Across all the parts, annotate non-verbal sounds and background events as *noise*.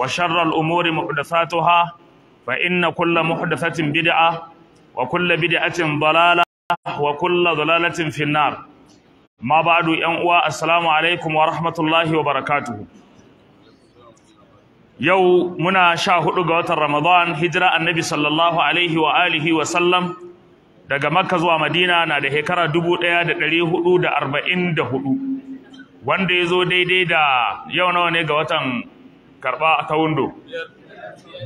wa sharral umuri muhdathatuha fa inna kulla muhdathatin bid'a wa kulla bid'atin dalala wa kulla dalalatin finnar ma ba'du yan uwa assalamu alaikum wa rahmatullahi wa barakatuh yau muna sha hudu ga watan ramadan hijira annabi sallallahu alaihi wa alihi wa sallam daga makka zuwa madina na da hekara dubu ɗaya da ɗari hudu da arba'in da hudu wanda ya zo daidai da yau nawa ne ga watan karba ta windo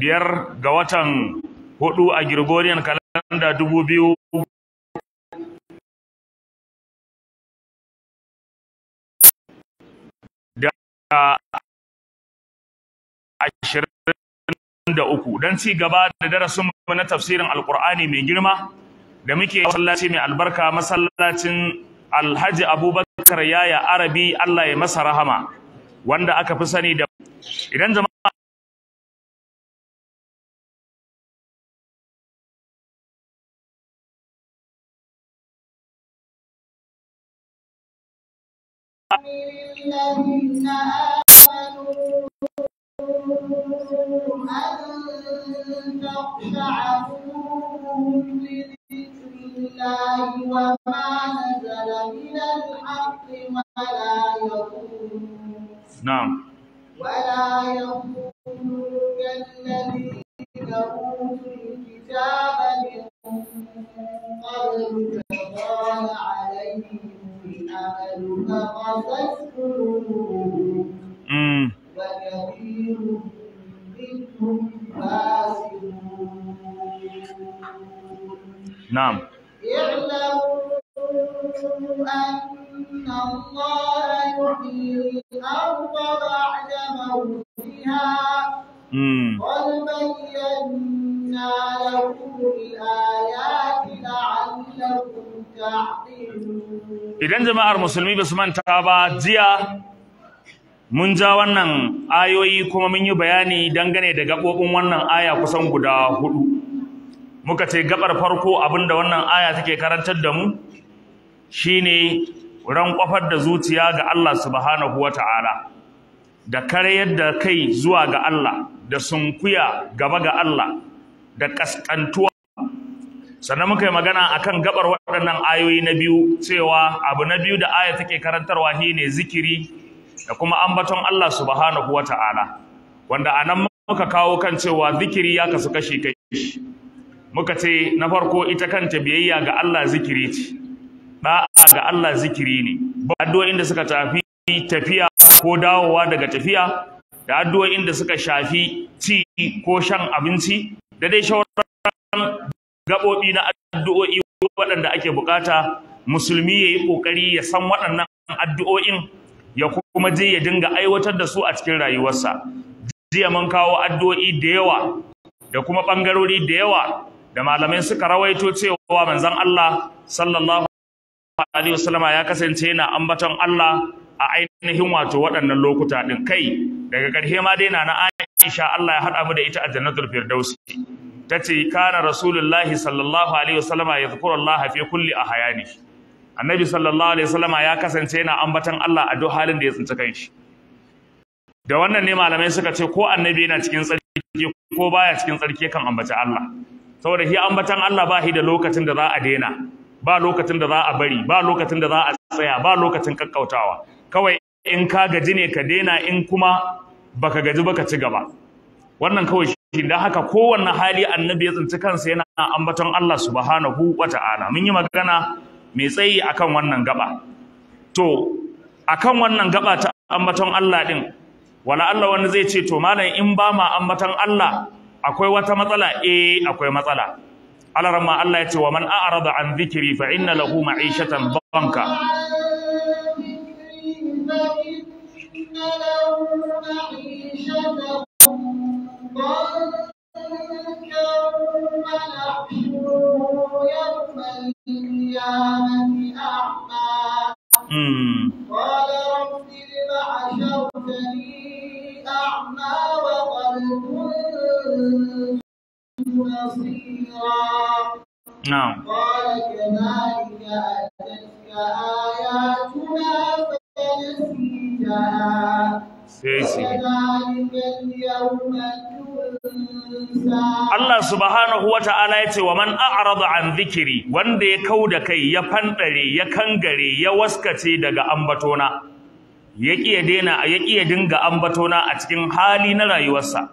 biyar ga watan hudu a Gregorian kalanda dubu biyu da ashirin da uku don ci gaba da darasin na tafsirin alkur'ani mai girma da muke masallaci mai albarka masallacin alhaji abubakar yaya arabi allah ya masa rahama wanda aka fi sani da idan zama وما نزل من الحق ولا يكون Naam. Wala Mm. Naam. idan jama'ar musulmi ba su manta ba jiya mun ja wannan ayoyi kuma mun yi bayani dangane da gaɓoɓin wannan aya kusan guda hudu muka ce gaɓar farko abinda wannan aya take karantar da mu shine ran kwafar da zuciya ga Allah subhanahu wa Ta'ala, da karyar da kai zuwa ga Allah da sunkuya gaba ga Allah da kaskantuwa sannan muka yi magana a kan gabar waɗannan ayoyi na biyu cewa abu na biyu da aya take karantarwa ne zikiri da kuma ambaton Allah subhanahu ta'ala, wanda a nan muka kawo kan cewa zikiri ya kasu kashi kashi muka ce na farko ita kanta biyayya ga Allah zikiri ce da'a ga Allah zikiri ne addu'o'in da suka tafi tafiya ko dawowa daga tafiya da addu'o'in da suka shafi ci ko shan abinci da dai shawarar gaɓoɓi na addu'o'i waɗanda ake bukata musulmi ya yi ƙoƙari ya san waɗannan addu'o'in ya kuma je ya dinga aiwatar da su a cikin rayuwarsa jiya mun kawo addu'o'i da yawa da kuma ɓangarori da yawa da malamai suka rawaito cewa manzon Allah sallallahu alaihi wasallama ya kasance yana ambaton Allah a ainihin wato waɗannan lokuta ɗin kai daga ƙarshe ma dai na na Aisha Allah ya haɗa mu da ita a Jannatul Firdausi tace kana rasulullahi sallallahu alaihi wasallama zikura Allah fi kulli ahyani annabi sallallahu alaihi wasallama ya kasance yana ambatan Allah a duk halin da ya tsinci kanshi da wannan ne malamai suka ce ko annabi yana cikin tsarki ko baya cikin tsarki kan ambaci Allah saboda shi ambatan Allah ba shi da lokacin da za a daina ba lokacin da za a bari ba lokacin da za a tsaya ba lokacin kakkautawa kawai in ka gaji ne ka daina in kuma baka gaji baka ci gaba wannan kawai da haka kowanne hali annabi ya tsinci kansa yana ambaton Allah subhanahu wata'ala mun yi magana mai tsayi akan wannan gaba to akan wannan gaba ta ambaton Allah ɗin, wala Allah wani zai ce to malam in ba ma ambaton Allah akwai wata matsala eh akwai matsala alarma Allah ya ce wa man a'rada an dhikri fa inna lahu ma'ishatan banka قال رب لم حشرتني أعمى وقد كنت بصيرا نعم قال كذلك أتتك آياتنا sai sai. Allah subhanahu wa ta'ala ya ce wa man a'rada an zikiri wanda ya kau da kai ya fanɗare ya kangare ya waskace daga ambatona ya ƙiya dena ya kiya dinga ambatona a cikin hali na rayuwarsa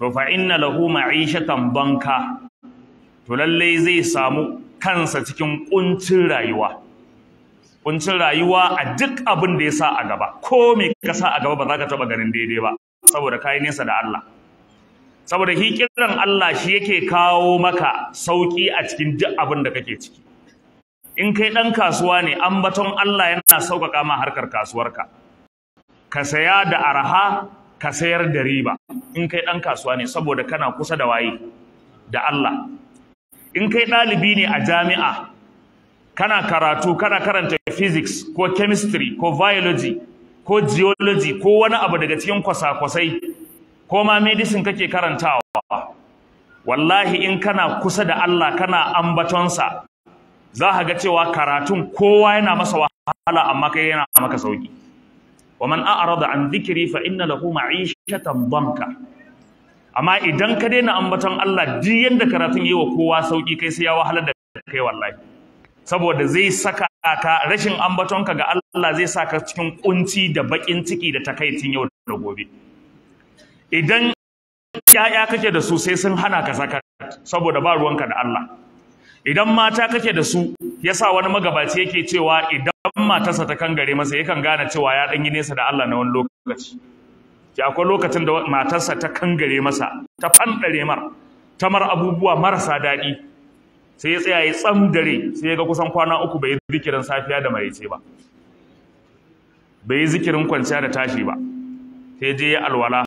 to fa inna lahu ma'ishatan banka to lalle zai samu kansa cikin ƙuncin rayuwa kuncin rayuwa a duk abin da ya sa a gaba ko me ka sa a gaba ba za ka taba ganin daidai ba saboda kayan nesa da Allah saboda hikiran Allah shi yake kawo maka sauki a cikin duk abin da kake ciki in kai ɗan kasuwa ne ambaton Allah yana sauƙaƙa ma harkar kasuwarka ka saya da arha ka sayar da riba in kai ɗan kasuwa ne saboda kana kusa da waye da Allah in kai ɗalibi ne a jami'a kana karatu kana karanta physics ko chemistry ko biology ko geology ko wani abu daga cikin kwasa-kwasai ko ma medicine kake karantawa wallahi in kana kusa da Allah kana ambatonsa za ka ga cewa karatun kowa yana masa wahala amma kai yana maka sauki a a a'rada an dhikri fa inna lahu ma'ishatan banka amma idan ka daina ambaton Allah duk yadda karatun yayi wa kowa sauki kai sai ya wahalar da kai wallahi saboda zai saka ka rashin ambatonka ga Allah zai saka cikin kunci da bakin ciki da takaicin yau da gobe idan yaya kake da su sai sun hana ka saka saboda ba ruwanka da Allah idan mata kake da su yasa wani magabaci yake cewa idan matarsa ta kangare masa yakan gane cewa ya dan yi nesa da Allah na wani lokaci ki akwai lokacin da matarsa ta kangare masa ta fandare mar tamar abubuwa marasa daɗi sai ya tsaya ya tsam dare sai ya ga kusan kwana uku bai yi zikirin safiya da maraice ba bai yi zikirin kwanciya da tashi ba sai je ya alwala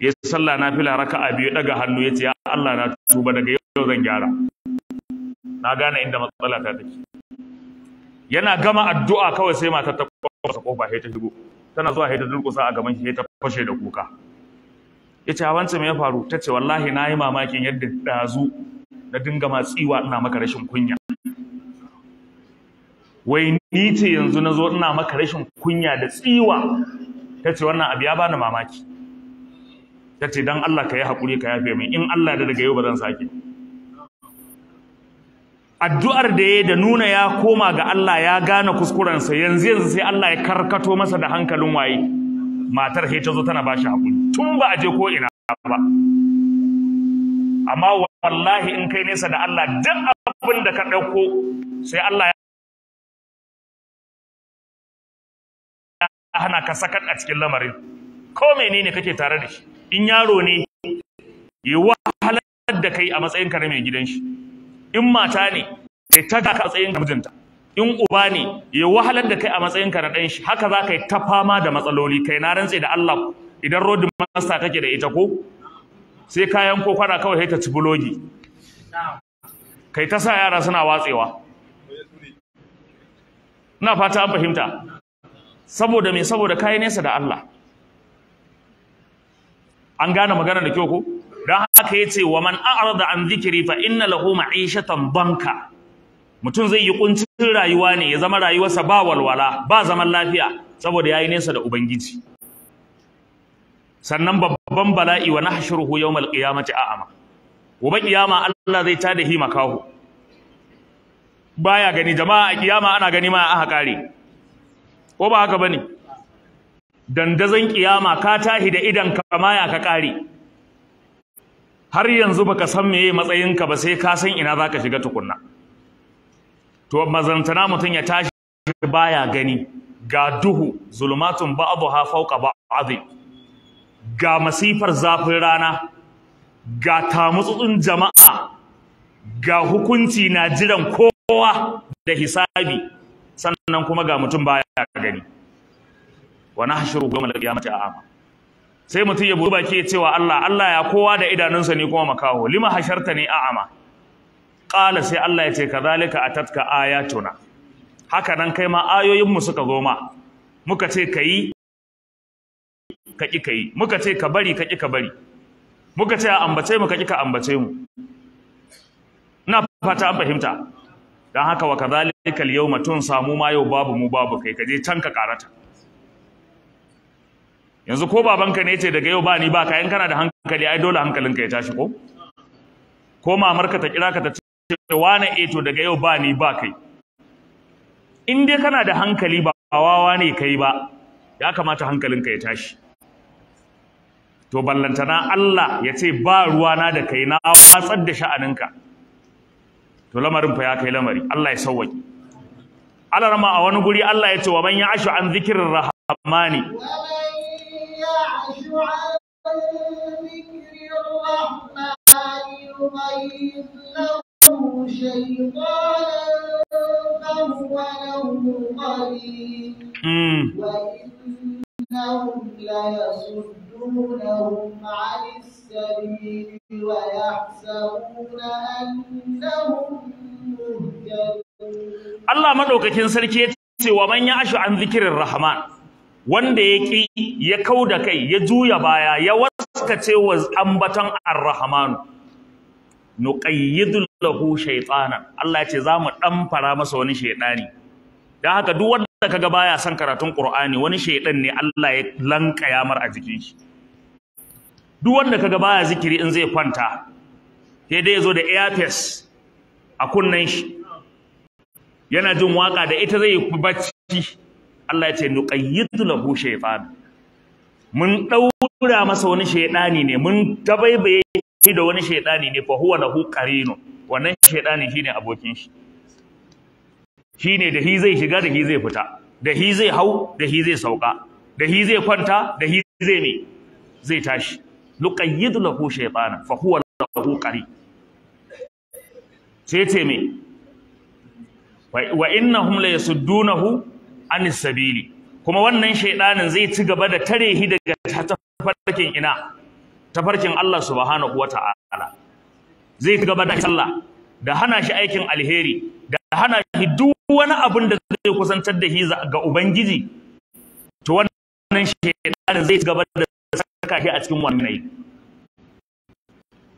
ya salla na fila a biyu daga hannu ya ce ya Allah na tuba daga yau zan gyara na gane inda matsala ta take yana gama addu'a kawai sai matar ta kwasa kofa sai ta shigo tana zuwa sai ta durkusa a gaban shi sai ta fashe da kuka ya ce wancan mai ya faru ta ce wallahi na yi mamakin yadda dazu na dinga matsiwa ina maka rashin kunya wai ni ce yanzu na zo ina maka rashin kunya da tsiwa ta ce wannan abu ya bani mamaki ta ce don Allah ka yi haƙuri ka yafe min in Allah da daga yau ba zan sake addu'ar da ya da nuna ya koma ga Allah ya gane kuskurensa yanzu yanzu sai Allah ya karkato masa da hankalin waye matar he ta zo tana bashi hakuri tun ba a je ko ina ba amma wallahi in kai nesa da Allah duk abin da ka ɗauko sai Allah ya hana ka sakat a cikin lamarin ko menene kake tare da shi in yaro ne yi wahalar da kai a ka na mai gidan shi in mata ne ta ga ka a matsayin mijinta in uba ne ya wahalar da kai a matsayin ka na ɗan shi haka za ka yi ta fama da matsaloli kai na rantse da Allah idan road master kake da ita ko sai kayan ko kwana kawai sai ta ci bulogi kai ta sa yara suna watsewa ina fata an fahimta saboda me saboda kai nesa da Allah an gane magana da kyau ko Don haka ce wa man da an zikiri fa inna lahu ma'ishatan banka mutum zai yi kuncin rayuwa ne ya zama rayuwarsa ba walwala ba zaman lafiya saboda ya yi nesa da ubangiji sannan babban bala'i wa nahshuruhu yawmal qiyamati a'ama gobe kiyama Allah zai tada hi kawo. baya gani jama'a a kiyama ana gani ma aka kare ko ba haka bane dandazan kiyama ka tahi da idan ka maya ka kare har yanzu baka san meye matsayinka ba sai ka san ina zaka shiga tukunna to mazantana mutum ya tashi baya gani ga duhu zulumatun ba'dha fawqa ba'd ga masifar zafin rana ga tamutsutsun jama'a ga hukunci na jiran kowa da hisabi sannan kuma ga mutum baya gani wa nahshuru yawmal qiyamati a'ama sai mutum ya buɗe baki ya Allah Allah ya kowa da idanunsa ne kuma makaho lima hasharta ne a'ama ƙala sai Allah ya ce kazalika Aya tuna haka nan kai ma ayoyinmu suka goma muka ce ka yi ka ƙi ka yi muka ce ka bari ka ƙi ka bari muka ce a ambace mu ka ƙi ka ambace mu ina fata an fahimta don haka wa ka zalika yawma mutum samu ma yau babu mu babu kai ka je can ka karata yanzu ko babanka ne ce daga yau ba ni ba ka in kana da hankali ai dole hankalinka ya tashi ko ko mamarka ta kira ka ta wane eto eh, to daga yau ba ni ba kai in dai kana da hankali ba wawa ne kai ba ya kamata hankalinka ya tashi to ballantana Allah ya ce ba ruwana da kai na watsar da sha'aninka to lamarin fa ya kai lamari Allah ya sauwaki Allah rama a wani guri Allah ya ce wa man ya ashu an zikirin rahamani إنهم ليصدونهم عن السبيل ويحسبون أنهم Allah maɗaukakin sarki ya ce wa man ashu an zikirin Rahman wanda ya ƙi ya kau da kai ya juya baya ya waskace wa ambaton ar nuqayyidu lahu shaytanan Allah ya ce za mu ɗan fara masa wani shaytani da haka duk wanda kaga baya son karatun Qur'ani wani shaydan ne Allah ya lankaya mar a jikin shi duk wanda kaga baya zikiri in zai kwanta sai dai yazo da earpiece a kunnen shi yana jin waka da ita zai bacci Allah ya ce nuqayyidu lahu shaytan mun daura masa wani shaydani ne mun shi da wani shaydani ne fa huwa lahu qarinu wannan shaydani shine abokin shi Shi ne da hi zai shiga da hi zai fita da hi zai hau da hi zai sauka da hi zai kwanta da hi zai ne zai tashi nuqayyidu lahu shaytana fa huwa lahu qari sai ce me wa innahum la yasuddunahu anis sabili kuma wannan shaydanin zai ci gaba da tare hi daga tafarkin ina tafarkin Allah subhanahu wata'ala zai ci gaba da sallah da hana shi aikin alheri da hana shi duk wani abin da zai kusantar da shi ga ubangiji to wannan shedanin zai gaba da saka shi a cikin wannan yi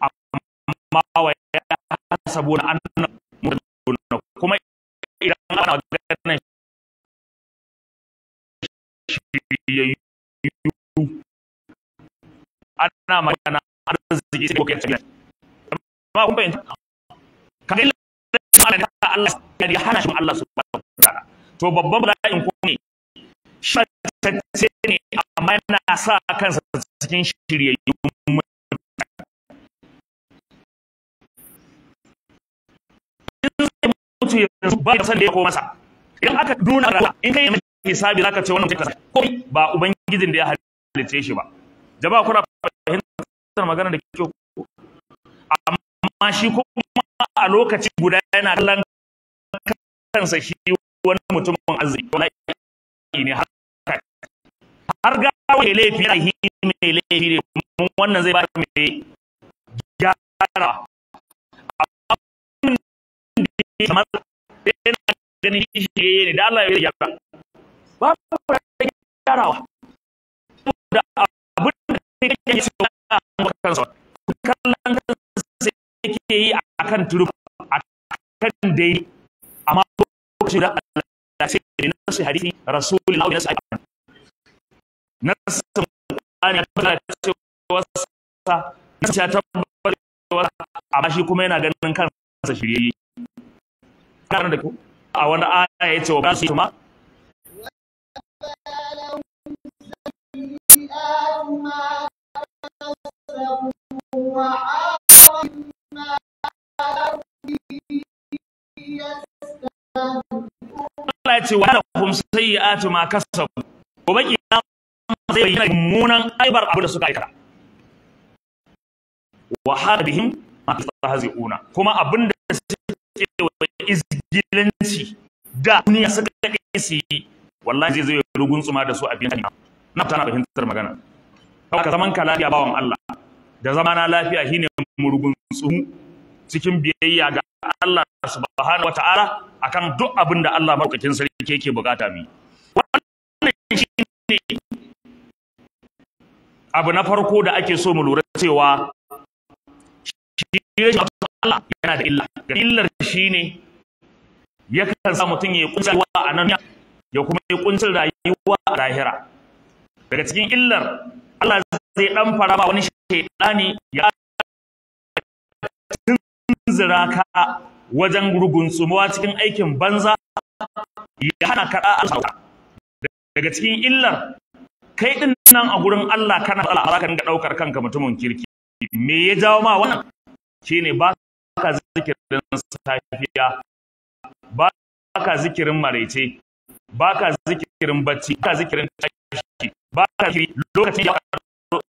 amma wa ya na an kuma idan ana ganin shiryayyu ana magana arziki sai ko kai amma kun bayyana kaga fara da Allah ya hana shi Allah subhanahu wataala to babban bala'in ko ne shantacce ne amma yana sa kansa cikin shiryayyun mutu yanzu ba ya san da ya koma masa idan aka duna rawa in kai mai hisabi zaka ce wannan mutum ko ba ubangijin da ya halice shi ba jama'a kuna fahimtar maganar da kyau amma shi kuma a lokaci guda yana kallon kansa shi wani mutumin arziki wani ne haka har ga ya laifi yana yi mai laifi ne mun wannan zai ba da mai gyara abin da kamar yana da Allah ya gyara da da abin da yi kansa yi a akan a kan dai amma lokacin da Allah sai da nasu hadisi rasulullahi nasu ayyukan nasu qur'ani ya tabbata cewa sa nasu ya tabbata cewa amma shi kuma yana ganin kansa shirye kana da ku a wani aya ce wa basu kuma وعاقبوا ما Allah ya ce wa da lahum sayyi'atu ma kasabu gobe kiyama zai bayyana munan aibar abu da suka aikata wa hadihim ma tastahzi'una kuma abinda suke wa izgilanci da duniya suka kade su wallahi zai zai rugun tsuma da su a biyan na tana fahimtar magana kawai ka zaman ka lafiya bawan Allah da zamana lafiya shine murugun tsumu cikin biyayya ga Allah subhanahu wataala akan duk abin da Allah madaukakin sarki yake bukata mu wannan shine abu na farko da ake so mu lura cewa shi Allah yana da illa illar shine yakan sa mutum ya kunce a nan ya kuma yi kuncin rayuwa a lahira daga cikin illar Allah zai dan fara ba wani shaytani ya zira ka wajen gurgun tsumuwa cikin aikin banza ya hana ka daga cikin illar kai din nan a gurin Allah kana da alaka dinga daukar kanka mutumin kirki me ya jawo ma wannan shine ba ka zikirin safiya ba ka zikirin maraice ba ka zikirin bacci ba ka zikirin tashi ba ka zikirin lokacin ya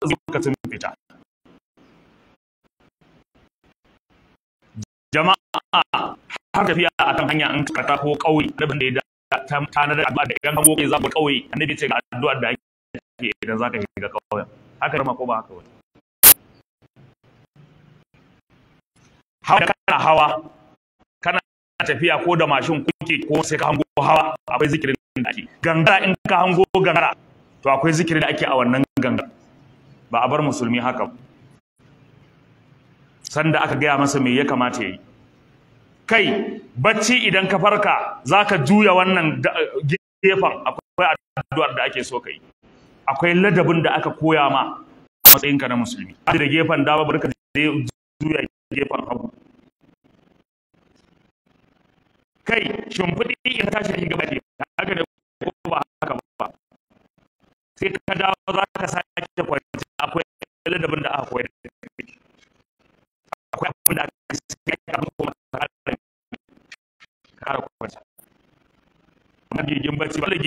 lokacin fita jama'a har tafiya a kan hanya in ka taho kauye annabin da ya ta na da addu'a da idan ka boke za ku kauye annabi ce ga addu'a da ake idan za ka shiga kauyen haka rama ko ba haka wani hawa kana hawa kana tafiya ko da mashin kuke ko sai ka hango hawa akwai zikirin da ake gangara in ka hango gangara to akwai zikirin da ake a wannan gangara ba a bar musulmi haka ba sanda aka gaya masa me ya kamata ya yi kai bacci idan ka farka zaka juya wannan gefen akwai addu'ar da ake so ka yi akwai ladabin da aka koya ma a matsayinka na musulmi da gefen dama barka ka juya gefen hagu kai shimfiɗi in tashi shi gaba ne haka ne ko ba haka ba sai ka dawo za ka sake kwanci akwai ladabin da aka koya akwai abin da aka sai ya kuma kwanta bacci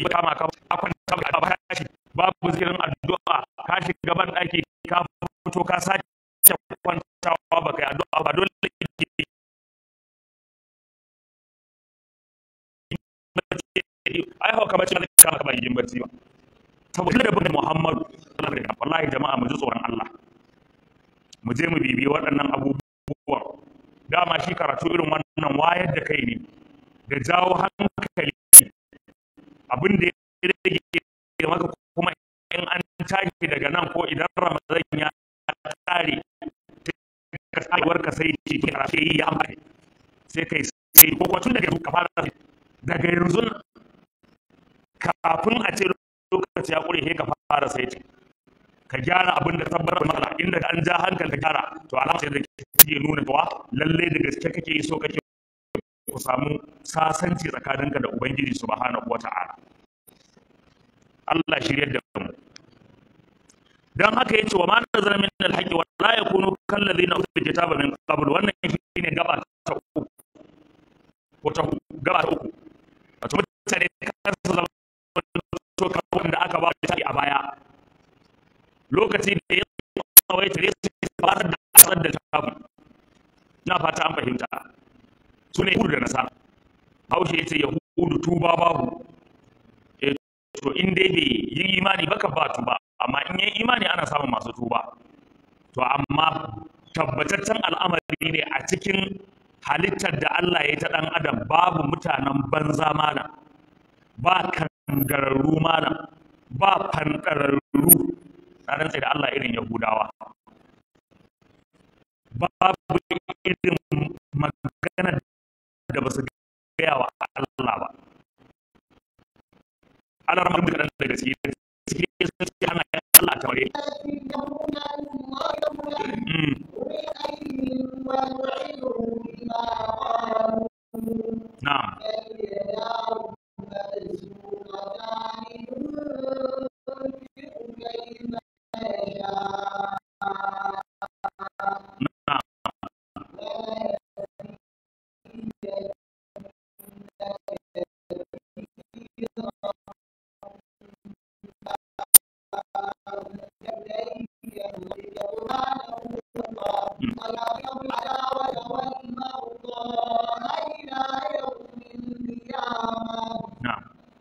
ba kama a ba ba babu zikirin addu'a ka shiga ban daki ka fito ka sake kwantawa ba kai addu'a ba dole ai hauka zai kama ka bacci ba saboda da bin Muhammadu sallallahu alaihi wasallam wallahi jama'a mu ji tsoron Allah mu je mu bibiyi waɗannan abubuwa abubuwan dama shi karatu irin wannan wayar da kai ne da jawo hankali abin da ya rage maka kuma in an tashi daga nan ko idan ramazan ya kare ka tsayuwar ka sai ce ke rafe yi ya amfani sai kai sai ko tun daga yanzu ka fara daga yanzu kafin a ce lokaci ya kure sai ka fara sai ka gyara abin da tabbatar matsala inda an ja hankal ka gyara to alama sai da ke nuna cewa lalle da gaske kake yi so kake ku samu sasanci tsakaninka da ubangiji subhanahu wata'ala Allah shirye da mu dan haka yace wa man nazara min alhaqi wa la yakunu kal ladina utul kitaba min qabl wannan shine gaba ta uku ko ta gaba ta uku wato mutane kan su zama to kan wanda aka ba ta a baya lokaci da ya kawai tare su ba da asar da kafin na fata an fahimta su ne da nasa. haushe ya ce yahudu tuba babu e to in dai bai yi imani baka ba tuba amma in yi imani ana samun masu tuba to amma tabbataccen al'amari ne a cikin halittar da Allah ya ta dan adam babu mutanen banza mana ba kangararru mana ba fantararru na rantsa da Allah irin Yahudawa babu irin magana da ba su gaya wa Allah ba Allah ramar da da gaske suke sun ce ana yi Allah ta ware hmm. na'am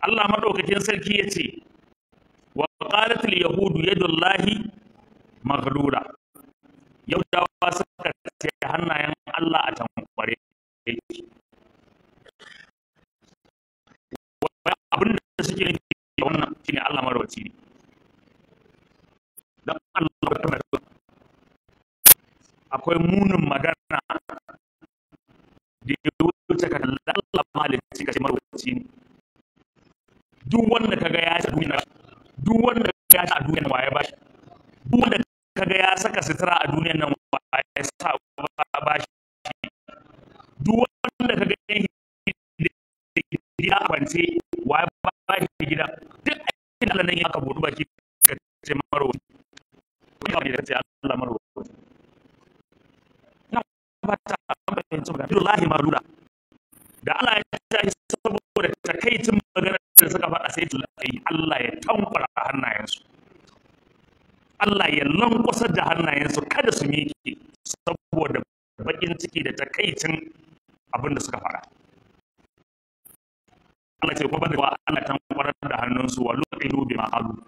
Allah maɗaukakin sarki ya ce, Wallahi sutura a duniyan nan ba ya sa ba shi duk wanda ka gani gida a kwance wa ba shi gida duk aikin Allah nan ya ka budu baki ka ce maro ba ne ka ce Allah maro na ba ta amfani da Abdullahi Malula da Allah ya tashi saboda takaicin maganar da suka faɗa sai Allah ya tankwara hannayensu Allah ya lankwasa da hannayensu kada su miƙe saboda baƙin ciki da takaicin abin da suka fara Allah ce kuma da Allah ta kwarar da hannunsu wa dubi ma halu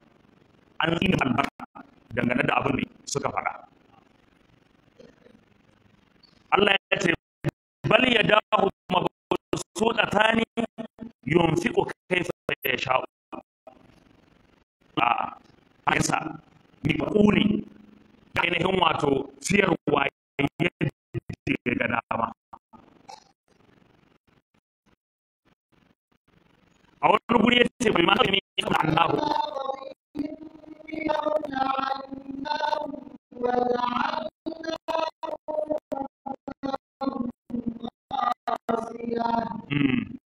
an yi albarka dangane da abin da suka fara Allah ya ce bal ya yadahu mabsutatani yunfiqu kayfa yasha'u a aisa bi kuni ainihin wato ciyarwa yadda ga dama a wani guri ya ce bai ma ya da Allahu Mm.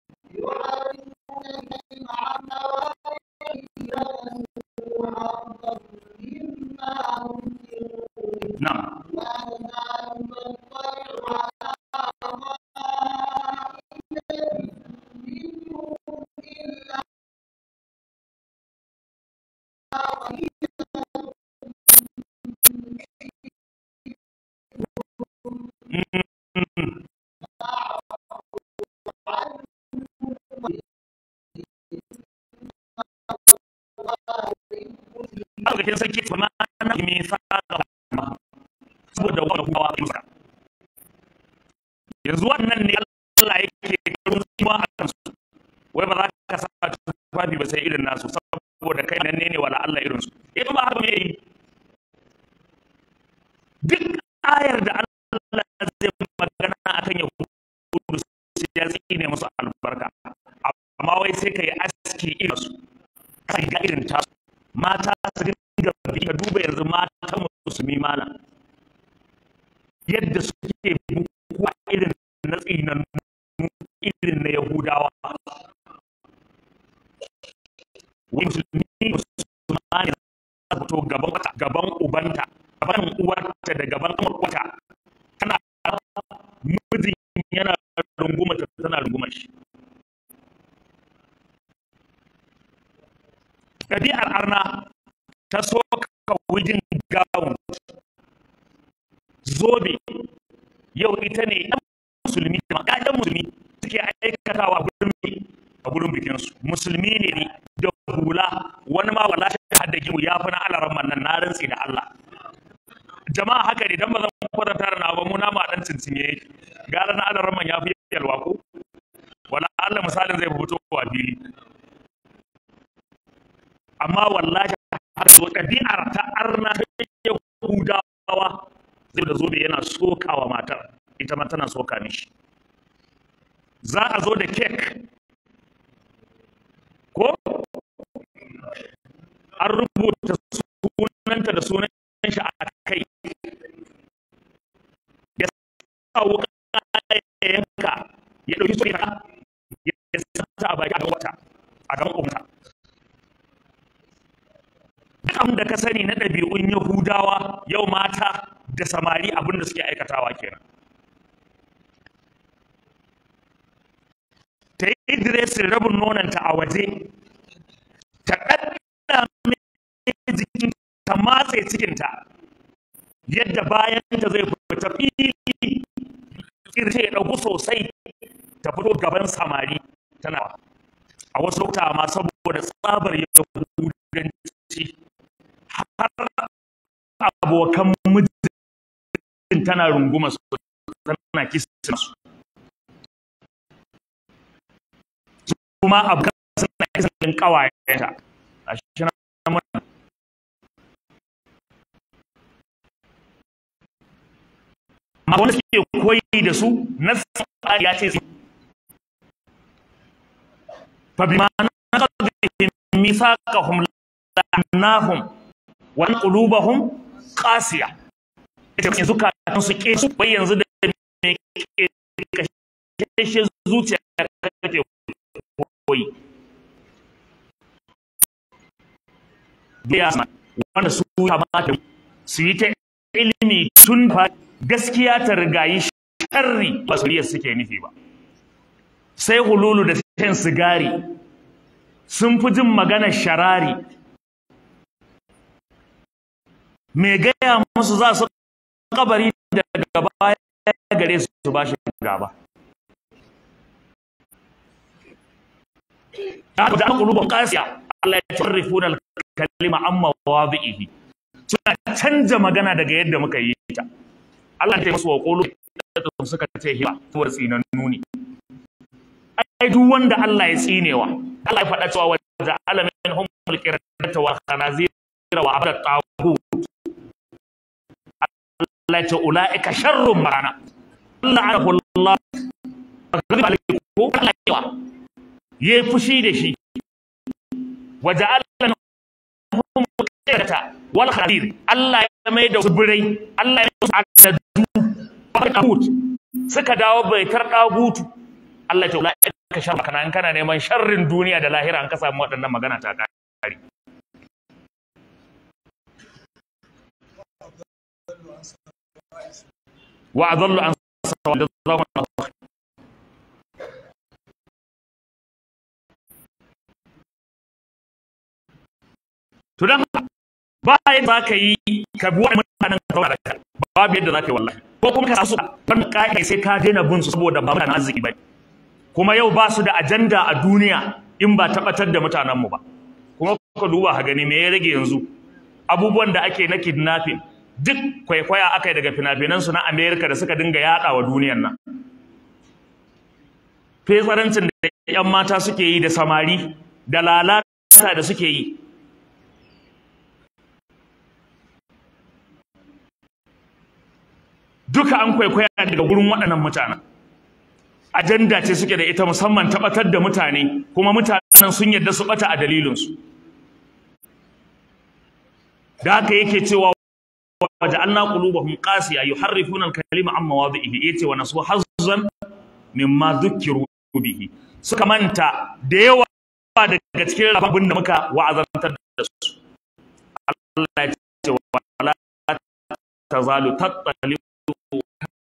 نعم mithaqa saboda wannan kuwa musa yanzu wannan ne Allah yake karun kuma a kansu wai ba za ka sa tufafi ba sai irin nasu saboda kai nan ne wala Allah irin su ita eh, ba haka me duk ayar da Allah zai magana akan yahudu sai ya tsine musu albarka amma wai sai ka yi aski irin su kai ga irin tasu mata su ka duba yanzu mata musulmi mana yadda suke bukuwa irin na tsinan irin na yahudawa wani musulmi musulmani za zato gaban wata gaban ubanta gaban uwarta da gaban amurkwata tana mijin yana runguma tana runguma shi ɗabi'ar arna ta soka wujin gawo zobe yau ita ne ɗan musulmi da maƙaɗan musulmi suke aikatawa gurin a gudun bikin su musulmi ne da hula wani ma wala da haddaki ya fi na alarar nan na rantsi da Allah jama'a haka ne dan ba zan kwatanta da nawa mu na ma dan cincin yake gara na alarar man ya fi yalwa ko wala Allah misalin zai fito wa fili amma wallahi so ɗabi'ar ta arna ta yahudawa zai da zobe yana sokawa matar ita ma tana soka mishi za a zo da kek ko an rubuta sunanta da sunan shi a kai ya sa wuka ya yanka ya ɗauki soyayya ya sa ta a baki a wata a gaban umta abin da ka sani na ɗabi'un yahudawa yau mata da samari abin da suke aikatawa kenan ta yi diresin rabin nonanta a waje ta ɗaɗɗa mai jikin ta matse cikinta yadda bayan ta zai fita fili ƙirce ya ɗagu sosai ta fito gaban samari tana a wasu lokuta ma saboda tsabar yau har abokan mijin tana runguma su tana kisa su kuma abokan suna kisa ɗin ƙawayenta a shi na muna amma wani suke koyi da su na tsari ya ce fa bima na qadrihim mithaqahum la'annahum wani qulubahum qasiya ita ce zukatan su ke su bai yanzu da me ke kashe zuciya kake koyi biya wanda su kamata su yi ta ilimi tun fa gaskiya ta rigayi sharri ba su suke nufi ba sai hululu da shan sigari sun fi jin magana sharari Mai gaya musu za su kabari daga baya gare su su bashi gaba Yaqul da qulubun qasiya Allah ya tarifuna al-kalima amma wadihi suna canza magana daga yadda muka yi ta Allah ya musu wa da suka ce hiba tuwar tsinan nuni ai duk wanda Allah ya tsinewa Allah ya faɗa cewa wajen da wa ja'ala minhum al-qiradata wa khanazira wa abada Allah ya ce ula'ika sharrun marana Allah arahu Allah ghadiba alayhi ko Allah yawa yayi fushi da shi Allah waja'alna hum qirata wal khadir Allah ya mai da suburai Allah ya mai da akadu suka dawo bai baitar dagutu Allah ya ce ula'ika sharrun kana kana neman sharrin duniya da lahira an ka samu waɗannan magana ta kare wa adallu an sawa da zaman to dan ba yadda za ka yi ka bi wani mutanen ka zauna da kai babu yadda za ka yi wallahi ko kuma ka sasu ban ka'idai sai ka daina bin su saboda ba mutanen arziki ba kuma yau ba su da ajanda a duniya in ba tabbatar da mutanenmu ba kuma ka duba ha gani me ya rage yanzu abubuwan da ake na kidnapping duk kwaikwaya aka yi daga finafinansu na Amerika da suka dinga yaɗa wa duniyan nan. fesarancin da ‘yan mata suke yi da samari da lalata da suke yi. Duka an kwaikwaya daga gurin waɗannan mutanen. Ajanda ce suke da ita musamman tabbatar da mutane, kuma mutanen sun yadda su ɓata a dalilinsu. Da haka yake cewa waja'alna qulubahum qasiya yuharrifuna al-kalima an mawadhihi yace wa nasu hazzan mimma dhukiru bihi suka manta da yawa daga cikin rababin da muka wa'azantar da su Allah ya ce wala tazalu tattali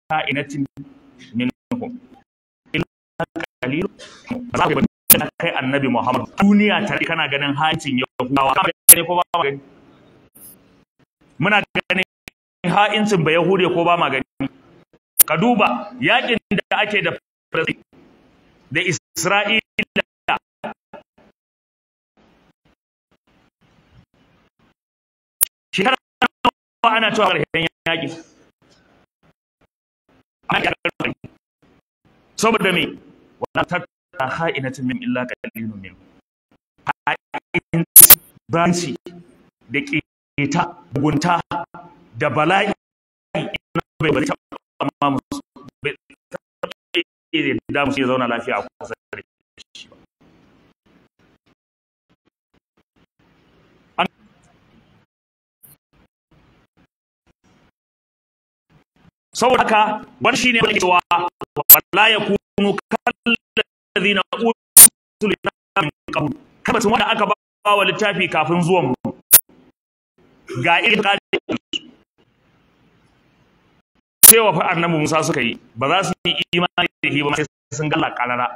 ka'inatin minhum illa qalil kai annabi Muhammad duniya tare kana ganin hancin yahudawa ko ba muna ganin ha'incin ba yahude ko ba magani ka duba yakin da ake da da Isra'ila shekara ana cewa ƙarshen yaƙi saboda me ta tattara ha'inatin min illa qalilun min ha'inci shi da ƙeta gunta da bala'i bai bari ta amma musu bai irin da musu ya zauna lafiya a kusa da shi ba saboda haka bar shi ne wani cewa wala ya kunu kallazi na usul min qabl kada su wanda aka ba wa littafi kafin zuwan mu ga irin cewa fa annabi Musa suka yi ba za su yi imani da shi ba sai sun galla kalala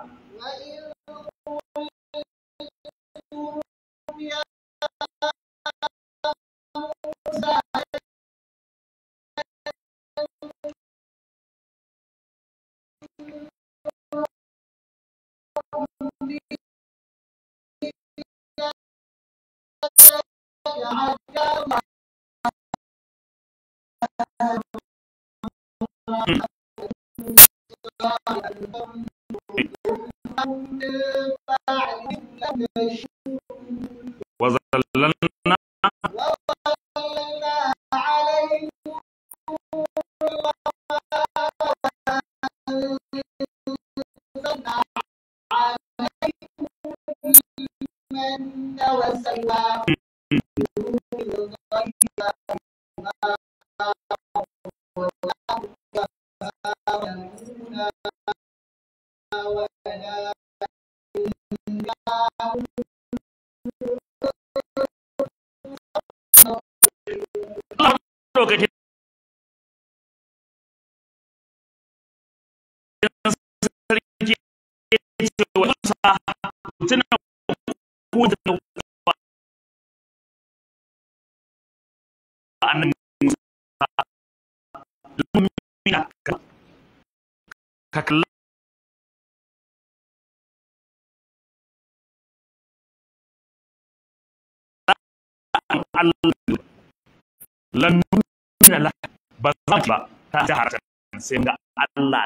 Yeah. وظللنا عليكم عليكم من وسلام cewa tuna ku da annabi Musa ka kalla lan nuna la ba za ba ta harkar sai ga Allah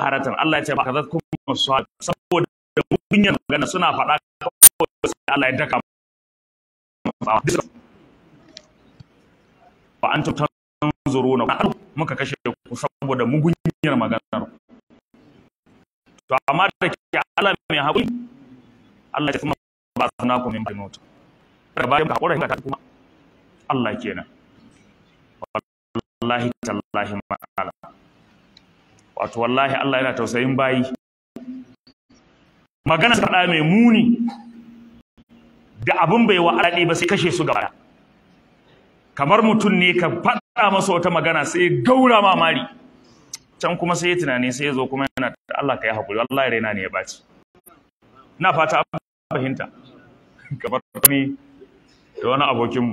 taharatan Allah ya ce ba kazat kuma saboda kunyan magana suna faɗa Allah ya daka ba an tuta zuru na muka kashe ku saboda mugunyar maganar to amma da ke Allah mai haƙuri Allah ya kuma ba na ku min binota da bayan ka hakura ka kuma Allah kenan wallahi tallahi ma'ala wato wallahi Allah yana tausayin bayi magana ta da mai muni da abin bai wa alade ba sai kashe su gaba kamar mutun ne ka fada masa wata magana sai gaura mamari can kuma sai tunani sai ya zo kuma yana Allah ka hakuri wallahi raina ne ya baci ina fata an fahimta kamar wani da wani abokin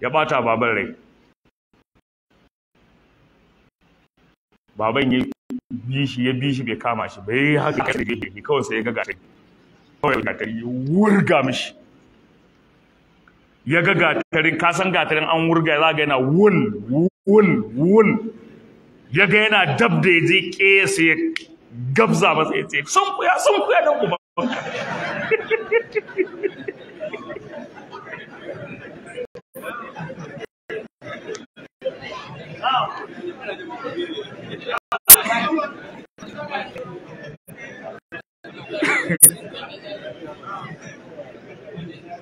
ya bata baban rai baban ya bi shi ya bi shi bai kama shi bai haka ya da shi kawai sai ya ga gatari kawai gatari ya wurga mishi ya ga gatarin ka san gatarin an wurga za ga yana wul wul wul ya ga yana dab da ya je kesa ya gabza masa ya ce sun kuya sun kuya ku ba *laughs*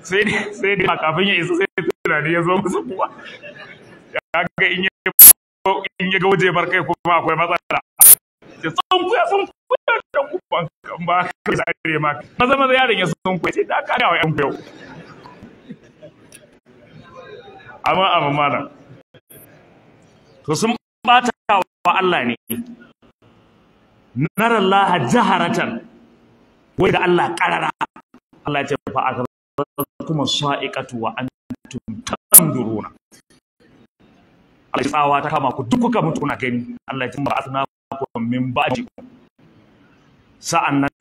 sai sai da kafin ya isa sai tunani ya zo musu kuwa ya ga in ya in ya gauje bar kai kuma akwai matsala ce sun kuya sun kuya da kuma kan ba ka sare ma maza maza yaron ya sun kuya sai da ka ga wa yan kuya amma amma malam to sun bata wa Allah ne nara Allah jaharatan wai da Allah karara Allah ya ce fa aka kuma sa'iqatu wa antum duruna. Allah ya tsawa ta kama ku duk kuka mutu kuna gani Allah ya tumba a min Sa'an nan,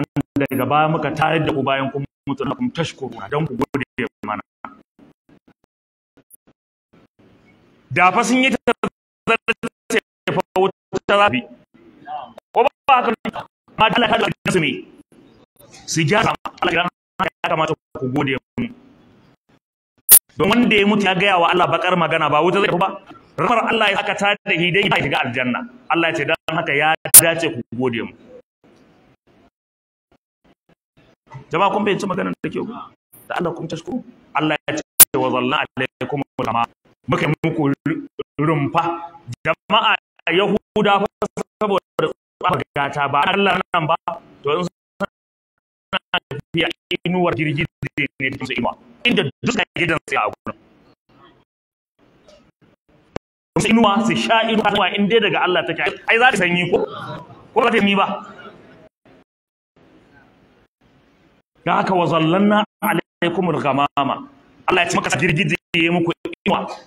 daga baya muka tare da ku bayan kuma mutu na tashko tashkuruna don ku gode mana da fa sun yi ta zarce fa wuta zabi ko ba nuna ma dala ka da su ne su gyara Allah ya kamata ku gode mu don wanda ya mutu ya gaya wa Allah bakar magana ba wuta zai tafi ba rahmar Allah ya aka ta da hidai ya shiga aljanna Allah ya ce dan haka ya dace ku gode mu jama'a kun bayyana magana da kyau da Allah kun tashku Allah ya ce wa zalla alaikum ulama muka muku rumfa jama'a yahuda fa saboda ta ba Allah nan ba to in ya inuwar girgije ne ta inuwa inda duk da gidan sai a gurin sai inuwa su sha inuwa kuma inda daga Allah take ai za ta sanyi ko ko ba ta yi ba da haka wa zallanna alaikumul ghamama Allah ya ci maka yi muku inuwa